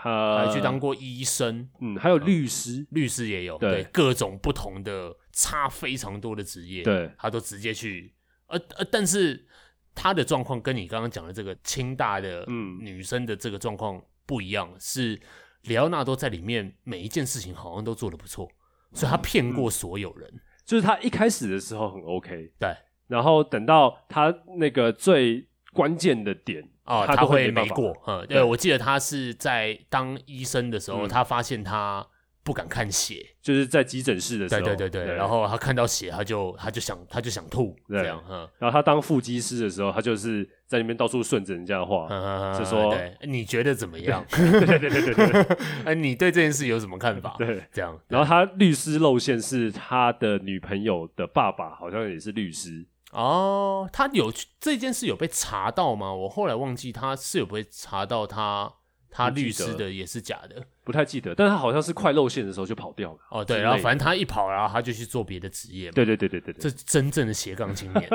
呃，還去當過醫生，嗯，還有律師，呃、律師也有對，對，各種不同的差非常多的職業，對，他都直接去，呃呃，但是他的狀況跟你剛剛講的這個清大的嗯女生的這個狀況不一樣，嗯、是李奧納多在裡面每一件事情好像都做得不錯，所以他騙過所有人。嗯嗯就是他一開始的時候很 OK，對，然後等到他那個最關鍵的點，哦，他都會沒過。嗯，對，對我記得他是在當醫生的時候，嗯，他發現他。不敢看血，就是在急診室的時候，對對對對。對然後他看到血他，他就他就想他就想吐，這樣。然後他當副機師的時候，他就是在那邊到處順着人家的話呵呵呵，就說：“你覺得怎麼樣？”對 [laughs] 對,對,對對對對。哎， [laughs] 你對這件事有什麼看法？對，這樣。然後他律師露餡是他的女朋友的爸爸，好像也是律師哦。他有這件事有被查到嗎？我後來忘記他是有被查到他。他律師的也是假的？不、不太記得，但他好像是快露餡的時候就跑掉了。哦，對，然後反正他一跑，然後他就去做別的職業。對對對對對對這真正的斜槓青年。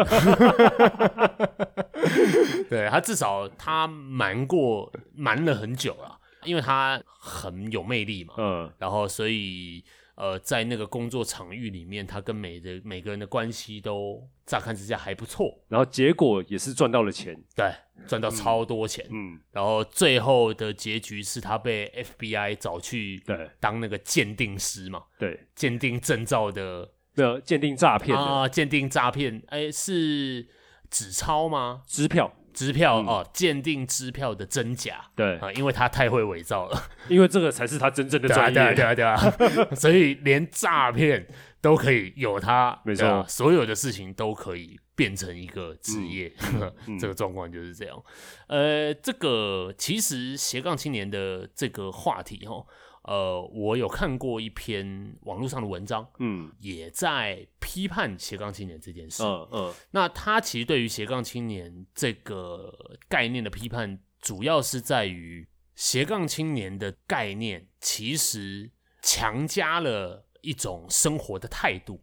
[laughs] [laughs] [laughs] 對，他至少他瞞過瞞了很久了，因為他很有魅力嘛。嗯，然後所以呃，在那個工作場域裡面，他跟每個每個人的關係都乍看之下還不錯，然後結果也是賺到了錢，對，賺到超多錢，嗯，嗯，然後最後的結局是他被 FBI 找去當那個鑑定師嘛，對，鑑定證照的，對，鑑定詐騙啊，鑑定詐騙，哎，是紙鈔嗎？支票，支票、嗯、哦。鑑定支票的真假，對啊、呃，因為他太會偽造了，因為這個才是他真正的專業，對啊，啊對，啊、對啊， [laughs] 所以連詐騙。都可以有他，沒錯、啊呃，所有的事情都可以變成一個職業，嗯、 [laughs] 這個狀況就是這樣。嗯、呃，這個其實斜槓青年的這個話題哦，呃，我有看過一篇網絡上的文章，嗯，也在批判斜槓青年這件事。嗯，嗯，那他其實對於斜槓青年這個概念的批判，主要是在於斜槓青年的概念其實強加了。一種生活的態度，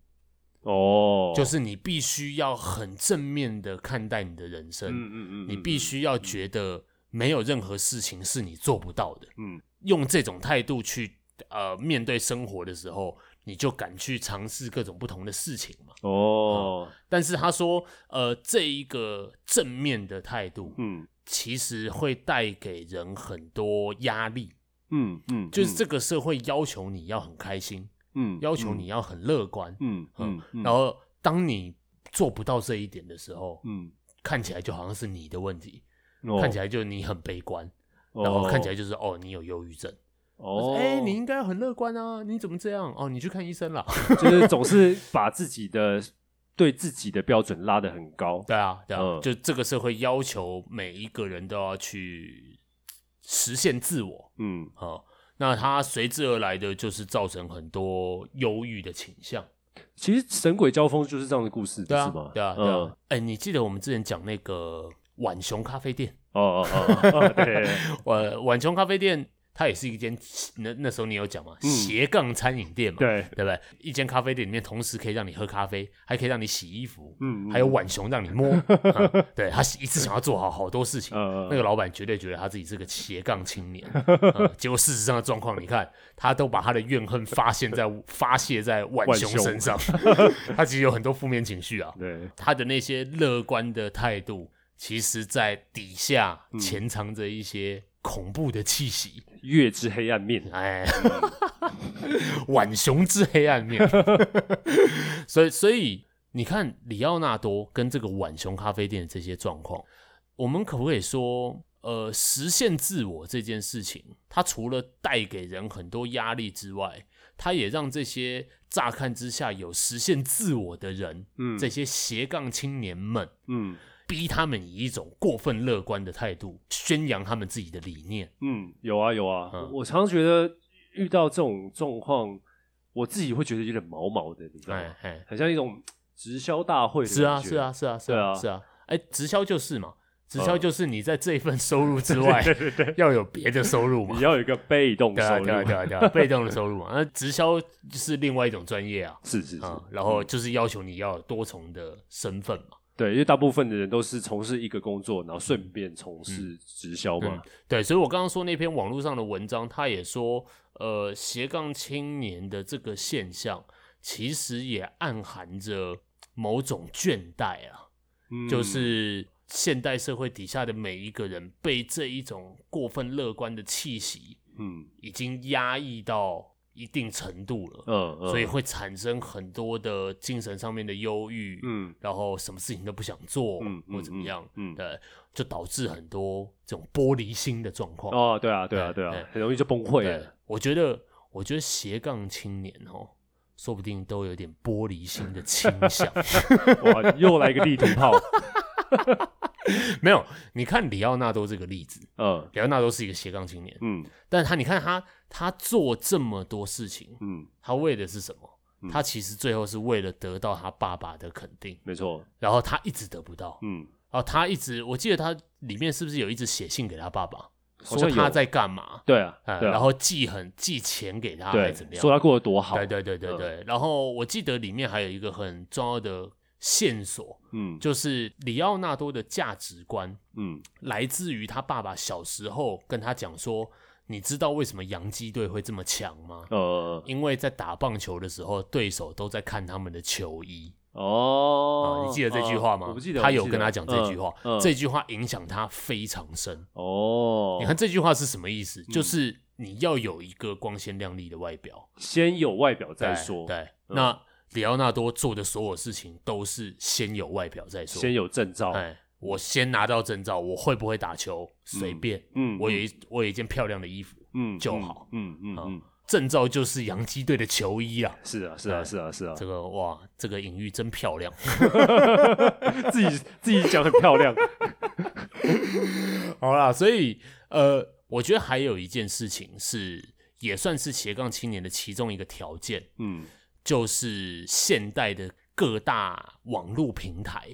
哦、oh.，就是你必須要很正面的看待你的人生，嗯嗯嗯，你必須要覺得沒有任何事情是你做不到的，嗯、mm -hmm.，用這種態度去呃面對生活的時候，你就敢去嘗試各種不同的事情嘛，哦、oh. 啊，但是他說，呃，這一個正面的態度，嗯、mm -hmm.，其實會帶給人很多壓力，嗯嗯，就是這個社會要求你要很開心。要求你要很樂觀，嗯，嗯，嗯然後當你做不到這一點的時候，嗯，看起來就好像是你的問題，嗯、看起來就你很悲觀，哦、然後看起來就是哦，哦，你有憂鬱症，哦，哎、欸，你應該很樂觀啊，你怎麼這樣？哦，你去看醫生了，就是總是把自己的 [laughs] 對自己的標準拉得很高，對啊，對啊、嗯，就這個社會要求每一個人都要去實現自我，嗯，好。那它隨之而來的就是造成很多憂鬱的傾向。其實神鬼交鋒就是這樣的故事，對嗎、啊？對啊，對啊。哎、嗯欸，你記得我們之前講那個晚熊咖啡店哦哦哦，對，晚晚熊咖啡店。他也是一間，那那時候你有講嘛？斜槓餐飲店嘛，嗯、對對不對？一間咖啡店裡面，同時可以讓你喝咖啡，還可以讓你洗衣服，嗯，還有浣熊讓你摸。嗯嗯、對，他一次想要做好好多事情、嗯，那個老板絕對覺得他自己是個斜槓青年、嗯嗯。結果事實上的狀況，你看他都把他的怨恨發現在發泄在浣熊身上。 [laughs] 他其實有很多負面情緒啊，對，他的那些樂觀的態度，其實，在底下潛藏着一些、嗯。恐怖的氣息，月之黑暗面，哎， [laughs] 晚熊之黑暗面， [laughs] 所以，所以，你看，李奧納多跟這個晚熊咖啡店這些狀況，我們可不可以說，呃，實現自我這件事情，它除了帶給人很多壓力之外，它也讓這些乍看之下有實現自我的人，嗯、這些斜槓青年們，嗯。逼他們以一種過分樂觀的態度宣揚他們自己的理念。嗯，有啊有啊、嗯。我常常覺得遇到這種狀況，我自己會覺得有點毛毛的，你知道嗎？哎，很像一種直銷大會。是啊是啊是啊，是啊是啊。哎、啊啊啊欸，直銷就是嘛，直銷就是你在這一份收入之外 [laughs] ，對對 [laughs] 要有別的收入嘛， [laughs] 你要有一個被動收入， [laughs] 啊啊啊啊啊、 [laughs] 被動的收入嘛。那直銷是另外一種專業啊，是是是、嗯。然、嗯、後就是要求你要有多重的身份嘛。對，因為大部分的人都是從事一個工作，然後順便從事直銷嘛。嗯嗯、對，所以我剛剛說那篇網絡上的文章，他也說，呃，斜槓青年的這個現象，其實也暗含着某種倦怠啊，嗯、就是現代社會底下的每一個人，被這一種過分樂觀的氣息，嗯，已經壓抑到一定程度了，嗯，所以會產生很多的精神上面的憂鬱，嗯，然後什麼事情都不想做，嗯，或怎麼樣，嗯嗯，對，就導致很多這種玻璃心的狀況，哦，對啊，對，對啊，對啊對，很容易就崩潰。我覺得，我覺得斜槓青年，哦，說不定都有點玻璃心的傾向。 [laughs] [laughs] 哇，又來一個地圖炮。 [laughs] [laughs] [laughs] 沒有，你看李奧納多這個例子，嗯，李奧納多是一個斜槓青年，嗯，但他，你看他，他做這麼多事情，嗯，他為的是什麼？嗯、他其實最後是為了得到他爸爸的肯定，沒錯。然後他一直得不到，嗯，然後他一直，我記得他裡面是不是有一直寫信給他爸爸，說他在幹嘛，對、啊嗯？對啊，然後寄很寄錢給他，對，怎麼樣？說他過得多好？對對對對、對、嗯。然後我記得裡面還有一個很重要的。線索，嗯，就是里奧納多的價值觀，嗯，來自於他爸爸小時候跟他講說，你知道為什麼洋基隊會這麼強嗎？呃，因為在打棒球的時候，對手都在看他們的球衣。哦，呃、你記得這句話嗎？哦、他有跟他講這句話，嗯、這句話影響他非常深。哦，你看這句話是什麼意思？嗯、就是你要有一個光鮮亮麗的外表，先有外表再說。對，對嗯、那。李奧納多做的所有事情都是先有外表再說，先有證照。哎，我先拿到證照，我會不會打球隨、嗯、便、嗯。我有一我有一件漂亮的衣服，嗯，就好。嗯嗯嗯、啊，證照就是洋基隊的球衣啊。是啊是啊、哎、是啊是啊，是啊，這個哇，這個隱喻真漂亮。 [laughs] [laughs] [laughs] 自己自己講的漂亮。 [laughs] [laughs] 好啦，所以呃，我覺得還有一件事情是，也算是斜槓青年的其中一個條件。嗯。就是現代的各大網絡平台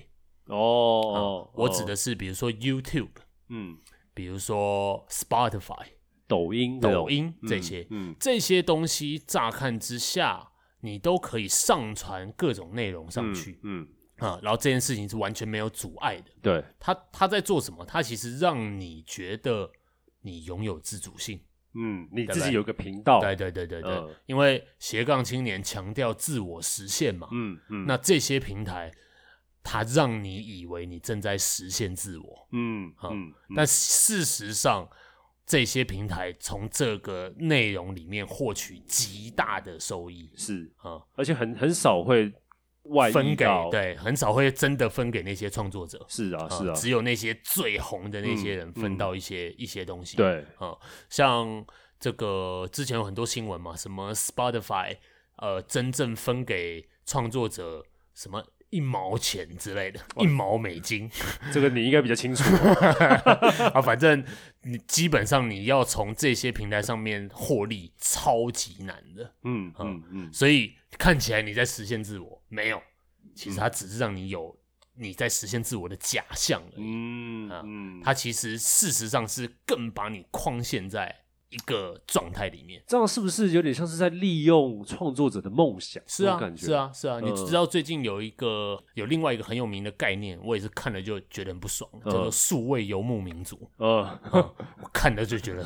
哦、啊、哦，我指的是比如說 YouTube，嗯，比如說 Spotify、抖音、抖音這些嗯，嗯，這些東西乍看之下，你都可以上傳各種內容上去嗯，嗯，啊，然後這件事情是完全沒有阻礙的，對，他他在做什麼？他其實讓你覺得你擁有自主性。嗯，你自己有個頻道，對對，對對對對對、嗯，因為斜槓青年強調自我實現嘛，嗯嗯，那這些平台，它讓你以為你正在實現自我，嗯啊、嗯，但事實上、嗯，這些平台從這個內容裡面獲取極大的收益，是啊、嗯，而且很很少會外分給對，很少會真的分給那些創作者，是啊是啊、呃，只有那些最紅的那些人分到一些、嗯嗯、一些東西。對啊、呃，像這個之前有很多新聞嘛，什麼 Spotify 呃，真正分給創作者什麼一毛錢之類的，okay，一毛美金，這個你應該比較清楚啊， [laughs] [laughs] 啊。反正你基本上你要從這些平台上面獲利超級難的，呃、嗯嗯嗯，所以看起來你在實現自我。沒有，其實它只是讓你有你在實現自我的假象而已。嗯，啊、嗯，它其實事實上是更把你框限在一個狀態裡面。這樣是不是有點像是在利用創作者的夢想？是啊，那個、感覺是啊，是啊。你知道最近有一個、呃、有另外一個很有名的概念，我也是看了就覺得很不爽，叫做“數位游牧民族”。呃，我看了就覺得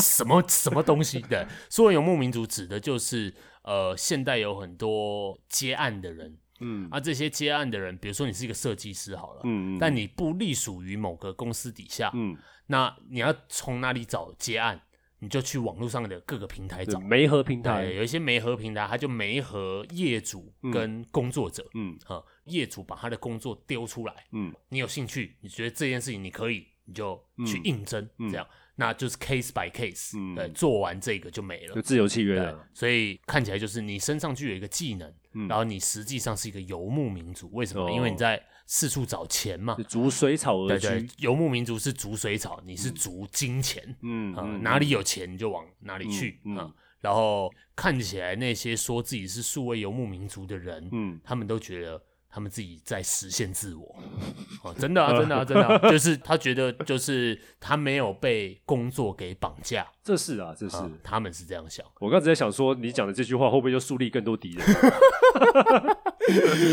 什麼什麼東西，對，“數位游牧民族”指的就是。呃，現代有很多接案的人，嗯，啊，這些接案的人，比如說你是一個設計師好了，嗯，但你不隸屬於某個公司底下，嗯，那你要從哪裡找接案？你就去網絡上的各個平台找、嗯、媒合平台，對，有一些媒合平台，他就媒合業主跟工作者，嗯，啊、嗯呃，業主把他的工作丟出來，嗯，你有興趣，你覺得這件事情你可以。你就去應徵，這樣、嗯嗯，那就是 case by case，、嗯、對、做完這個就沒了，就自由契約了。所以看起來就是你身上具有一個技能，嗯、然後你實際上是一個游牧民族。為什麼、哦？因為你在四處找錢嘛，逐水草而居。游牧民族是逐水草，你是逐金錢。嗯，、呃、嗯，嗯，哪裡有錢你就往哪裡去啊、嗯嗯呃。然後看起來那些說自己是數位游牧民族的人，嗯，他們都覺得。他們自己在實現自我，嗯、真的啊，真的啊，真的，就是他覺得，就是他沒有被工作給綁架，這是啊，這是他們是這樣想。我剛才想說，你講的這句話會不會就樹立更多敵人？ [laughs]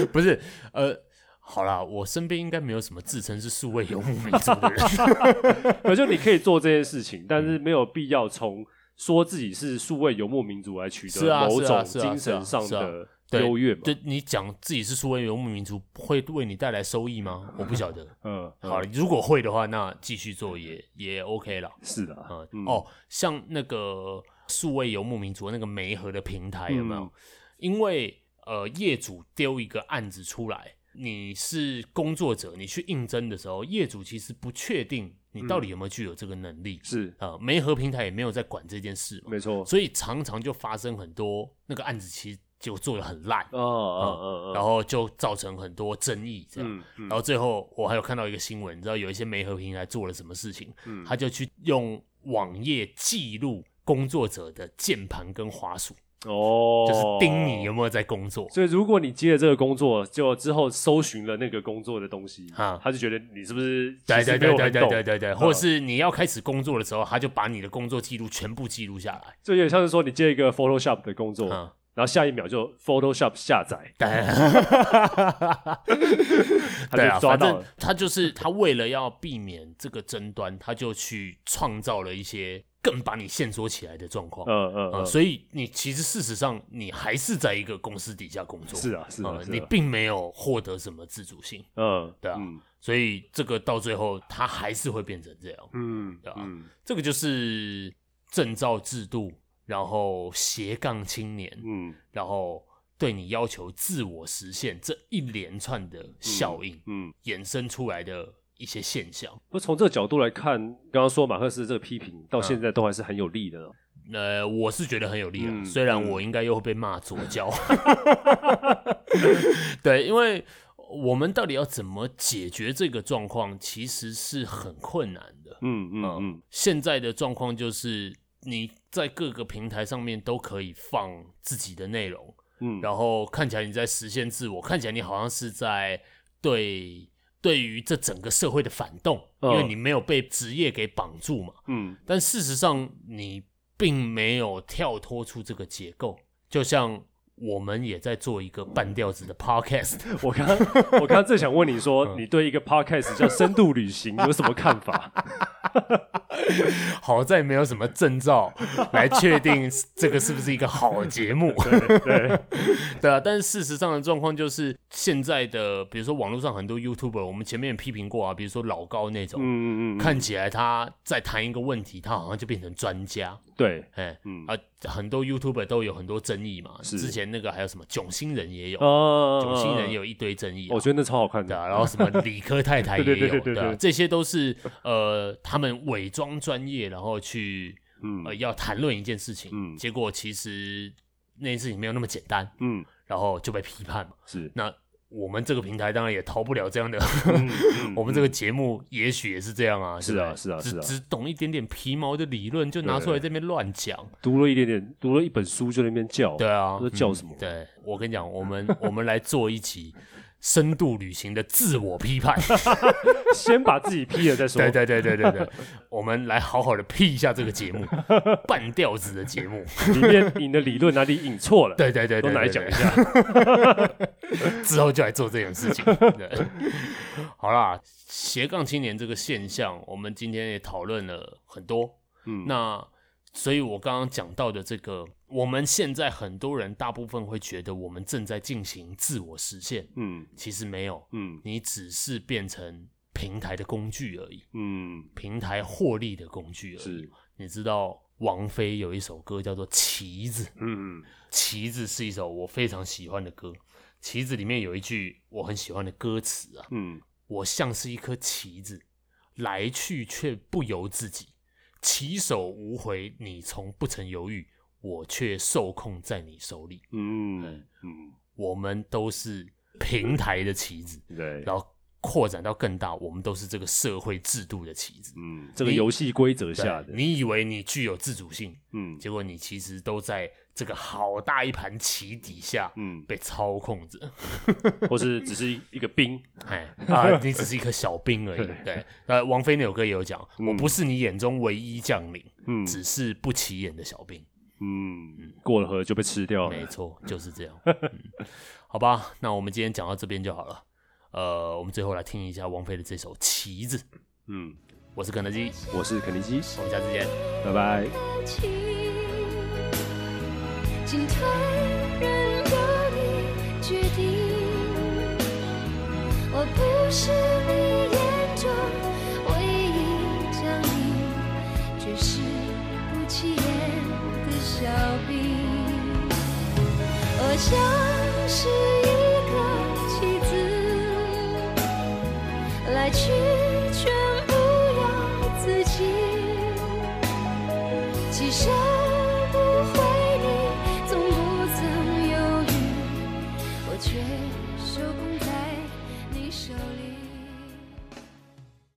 [laughs] 不是，呃，好啦，我身邊應該沒有什麼自稱是數位游牧民族的人，可 [laughs] [laughs] 就你可以做這件事情，但是沒有必要從說自己是數位游牧民族來取得某種精神上的、啊。對，對，你講自己是數位游牧民族，會為你帶來收益嗎？我不曉得。嗯，好，如果會的話，那繼續做也也 OK 了。是的、啊，嗯，嗯哦，像那個數位游牧民族那個媒合的平台有沒有？嗯嗯、因為呃，業主丟一個案子出來，你是工作者，你去應徵的時候，業主其實不確定你到底有沒有具有這個能力。嗯、是啊，呃、媒合平台也沒有在管這件事，沒錯。所以常常就發生很多那個案子，其實。就做得很爛、oh, 嗯 uh, uh, uh. 然後就造成很多爭議這樣、嗯，然後最後我還有看到一個新聞，你知道有一些媒合平台做了什麼事情？嗯、他就去用網頁記錄工作者的鍵盤跟滑鼠，哦，oh, 就是盯你有沒有在工作。所以如果你接了這個工作，就之後搜尋了那個工作的東西、啊、他就覺得你是不是其實沒有很懂，對對對，對對對，或者是你要開始工作的時候，他就把你的工作記錄全部記錄下來。就有點像是說你接一個 Photoshop 的工作。啊然後下一秒就 Photoshop 下載 [laughs] [laughs] 對啊，抓到。反正他就是他為了要避免這個爭端，他就去創造了一些更把你限縮起來的狀況。嗯嗯，嗯，嗯，所以你其實事實上你還是在一個公司底下工作。是啊是啊、嗯、是啊，你並沒有獲得什麼自主性。嗯，對啊、嗯。所以這個到最後他還是會變成這樣。嗯，對啊。嗯、這個就是證照制度。然後斜槓青年，嗯，然後對你要求自我實現這一連串的效應，嗯，嗯，衍生出來的一些現象。不從這個角度來看，剛剛說馬克思這個批評到現在都還是很有利的，啊。呃，我是覺得很有利的，嗯，雖然我應該又會被罵左膠。嗯、 [laughs] [laughs] 對，因為我們到底要怎麼解決這個狀況，其實是很困難的。嗯嗯嗯，啊，現在的狀況就是。你在各個平台上面都可以放自己的內容，嗯，然後看起來你在實現自我，看起來你好像是在對對於這整個社會的反動，嗯，因為你沒有被職業給綁住嘛，嗯。但事實上，你並沒有跳脫出這個結構，就像我們也在做一個半吊子的 podcast。我剛剛 [laughs] 我剛剛正想問你說，嗯，你對一個 podcast 叫《深度旅行》有什麼看法？ [laughs] [laughs] [laughs] 好在沒有什麼證照來確定這個是不是一個好節目 [laughs] 對，對啊， [laughs] 但是事實上的狀況就是現在的，比如說網絡上很多 YouTuber，我們前面也批評過啊，比如說老高那種，嗯嗯，看起來他在談一個問題，他好像就變成專家，對，哎、嗯，啊，很多 YouTuber 都有很多爭議嘛，是之前那個還有什麼囧星人也有，囧、呃、星人有一堆爭議、啊，我覺得那超好看的、啊，然後什麼理科太太也有啊，這些都是呃他們偽裝。專業，然後去，嗯、呃，要談論一件事情、嗯，結果其實那件事情沒有那麼簡單，嗯，然後就被批判嘛，是。那我們這個平台當然也逃不了這樣的、嗯，嗯、 [laughs] 我們這個節目也許也是這樣啊，是啊，是啊，是啊，只是啊是啊，只懂一點點皮毛的理論就拿出來這邊亂講，讀了一點點，讀了一本書就在那邊叫，對啊，叫什麼、嗯。對我跟你講，我們 [laughs] 我們來做一集。深度旅行的自我批判， [laughs] 先把自己批了再說。 [laughs] 對對對對對、對、對 [laughs] 我們來好好的批一下這個節目，半吊子的節目， [laughs] 裡面引的理論哪裡引錯了？ [laughs] 對對對、對，都來講一下。 [laughs] [laughs] 之後就來做這種事情。 [laughs] 好啦，斜槓青年這個現象，我們今天也討論了很多。嗯，那。所以，我剛剛講到的這個，我們現在很多人大部分會覺得我們正在進行自我實現，嗯，其實沒有，嗯，你只是變成平台的工具而已，嗯，平台獲利的工具而已。是，你知道王菲有一首歌叫做《棋子》，嗯，嗯，棋子是一首我非常喜歡的歌，《棋子》裡面有一句我很喜歡的歌詞啊，嗯，我像是一顆棋子，來去卻不由自己。棋手無回，你從不曾猶豫，我卻受控在你手裡。嗯，嗯，我們都是平台的棋子。對。然後擴展到更大，我們都是這個社會制度的棋子，嗯，這個遊戲規則下的你。你以為你具有自主性，嗯，結果你其實都在這個好大一盤棋底下，嗯，被操控着，或是只是一個兵， [laughs] [laughs] 哎啊，你只是一顆小兵而已， [laughs] 對。那、啊、王菲那首歌也有講、嗯，我不是你眼中唯一將領，嗯，只是不起眼的小兵，嗯，過了河就被吃掉了，沒錯，就是這樣。嗯、 [laughs] 好吧，那我們今天講到這邊就好了。呃，我們最後來聽一下王菲的這首《棋子》。嗯，我是肯德基，謝謝，我是肯尼基，我們下次見，拜拜。嗯，謝謝，我是來去。